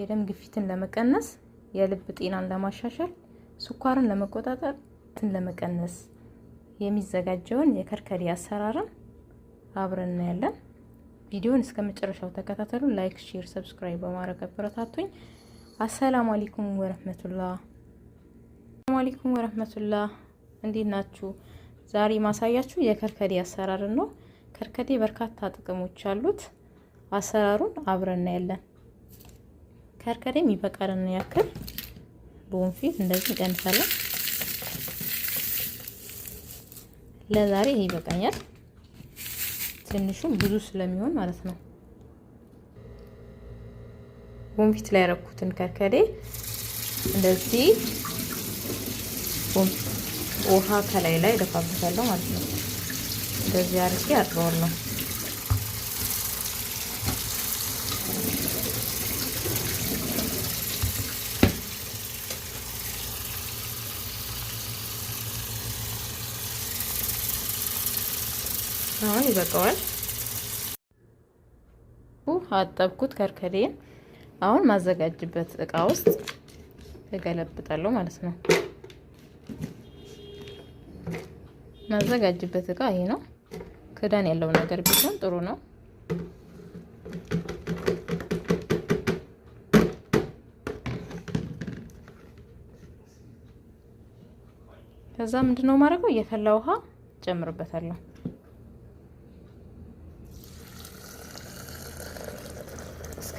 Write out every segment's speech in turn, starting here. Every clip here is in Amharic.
የደም ግፊትን ለመቀነስ፣ የልብ ጤናን ለማሻሻል፣ ስኳርን ለመቆጣጠር፣ ትን ለመቀነስ የሚዘጋጀውን የከርከዴ አሰራርን አብረን እናያለን። ቪዲዮውን እስከ መጨረሻው ተከታተሉ። ላይክ፣ ሼር፣ ሰብስክራይብ በማድረግ አበረታቱኝ። አሰላሙ አለይኩም ወረህመቱላህ። አሰላሙ አለይኩም ወረህመቱላህ። እንዴት ናችሁ? ዛሬ ማሳያችሁ የከርከዴ አሰራርን ነው። ከርከዴ በርካታ ጥቅሞች አሉት። አሰራሩን አብረን እናያለን። ከርከሬ የሚበቃልን ያክል ቦንፊት እንደዚህ እንቀንሳለን። ለዛሬ ይሄ ይበቃኛል። ትንሹም ብዙ ስለሚሆን ማለት ነው። ቦንፊት ላይ ያረኩትን ከርከሬ እንደዚህ ውሃ ከላይ ላይ ደፋበታለሁ ማለት ነው። እንደዚህ አርጌ አጥበዋለሁ። አሁን ይበቃዋል። አጠብኩት ከርከዴን። አሁን ማዘጋጅበት እቃ ውስጥ እገለብጣለሁ ማለት ነው። ማዘጋጅበት እቃ ይሄ ነው። ክዳን ያለው ነገር ቢሆን ጥሩ ነው። ከዛ ምንድነው ማድረገው? እየፈላ ውሃ ጨምርበታለሁ።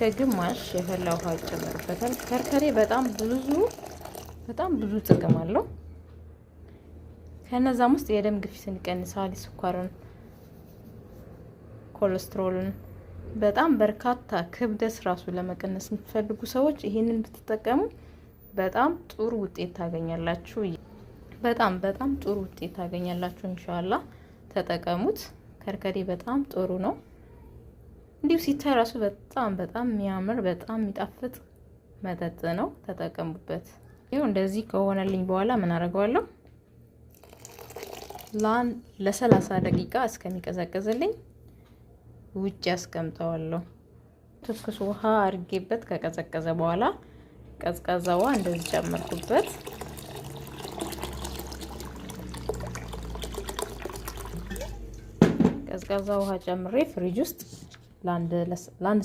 ከግማሽ የፈላ ውሃ ይጨመርበታል። ከርከሬ በጣም ብዙ በጣም ብዙ ጥቅም አለው። ከነዛም ውስጥ የደም ግፊትን ይቀንሳል፣ ስኳርን፣ ኮሌስትሮልን በጣም በርካታ ክብደት ራሱ ለመቀነስ የምትፈልጉ ሰዎች ይህንን ብትጠቀሙ በጣም ጥሩ ውጤት ታገኛላችሁ። በጣም በጣም ጥሩ ውጤት ታገኛላችሁ። እንሻላ ተጠቀሙት። ከርከዴ በጣም ጥሩ ነው። እንዲሁ ሲታይ ራሱ በጣም በጣም የሚያምር በጣም የሚጣፍጥ መጠጥ ነው። ተጠቀሙበት። ይኸው እንደዚህ ከሆነልኝ በኋላ ምን አደርገዋለሁ? ላን ለሰላሳ ደቂቃ እስከሚቀዘቅዝልኝ ውጭ አስቀምጠዋለሁ። ትኩስ ውሃ አድርጌበት ከቀዘቀዘ በኋላ ቀዝቃዛ ውሃ እንደዚህ ጨመርኩበት። ቀዝቃዛ ውሃ ጨምሬ ፍሪጅ ውስጥ ለአንድ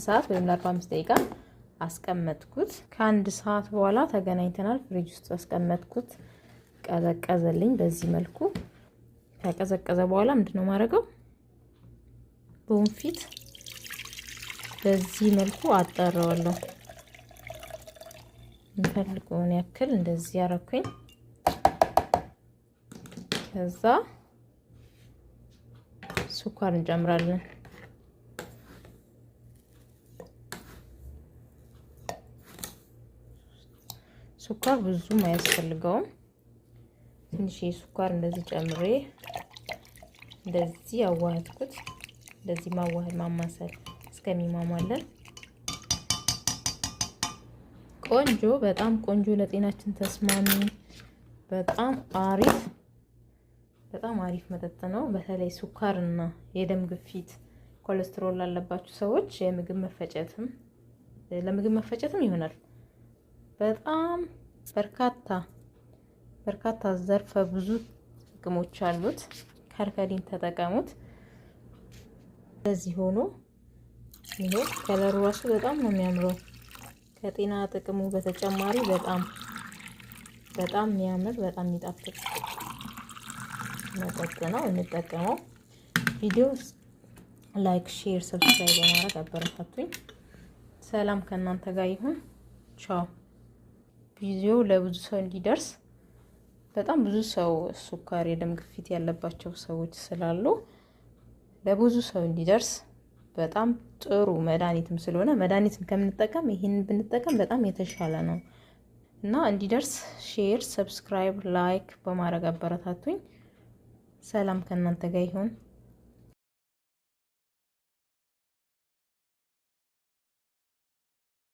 ሰዓት ወይም ለአርባ 45 ደቂቃ አስቀመጥኩት። ከአንድ ሰዓት በኋላ ተገናኝተናል። ፍሪጅ ውስጥ አስቀመጥኩት፣ ቀዘቀዘልኝ። በዚህ መልኩ ከቀዘቀዘ በኋላ ምንድን ነው ማድረገው? ቦንፊት በዚህ መልኩ አጠረዋለሁ። የምፈልገውን ያክል እንደዚህ ያረኩኝ። ከዛ ስኳር እንጨምራለን። ስኳር ብዙም አያስፈልገውም። ትንሽ ስኳር እንደዚህ ጨምሬ እንደዚህ ያዋህድኩት። እንደዚህ ማዋህድ ማማሰል እስከሚማማለን ቆንጆ፣ በጣም ቆንጆ፣ ለጤናችን ተስማሚ፣ በጣም አሪፍ በጣም አሪፍ መጠጥ ነው። በተለይ ስኳር እና የደም ግፊት ኮሌስትሮል ላለባችሁ ሰዎች የምግብ መፈጨትም ለምግብ መፈጨትም ይሆናል። በጣም በርካታ በርካታ ዘርፈ ብዙ ጥቅሞች አሉት። ከርከዲን ተጠቀሙት። እንደዚህ ሆኖ ይሄ ከለሩ ራሱ በጣም ነው የሚያምረው። ከጤና ጥቅሙ በተጨማሪ በጣም በጣም የሚያምር በጣም የሚጣፍጥ መጠጥ ነው። የምጠቀመው። ቪዲዮ ላይክ፣ ሼር፣ ሰብስክራይብ በማድረግ አበረታቱኝ። ሰላም ከእናንተ ጋር ይሁን። ቻው ቪዲዮ ለብዙ ሰው እንዲደርስ በጣም ብዙ ሰው ሱካር፣ የደም ግፊት ያለባቸው ሰዎች ስላሉ ለብዙ ሰው እንዲደርስ በጣም ጥሩ መድኃኒትም ስለሆነ መድኃኒትን ከምንጠቀም ይህን ብንጠቀም በጣም የተሻለ ነው እና እንዲደርስ ሼር፣ ሰብስክራይብ፣ ላይክ በማድረግ አበረታቱኝ። ሰላም ከእናንተ ጋር ይሁን።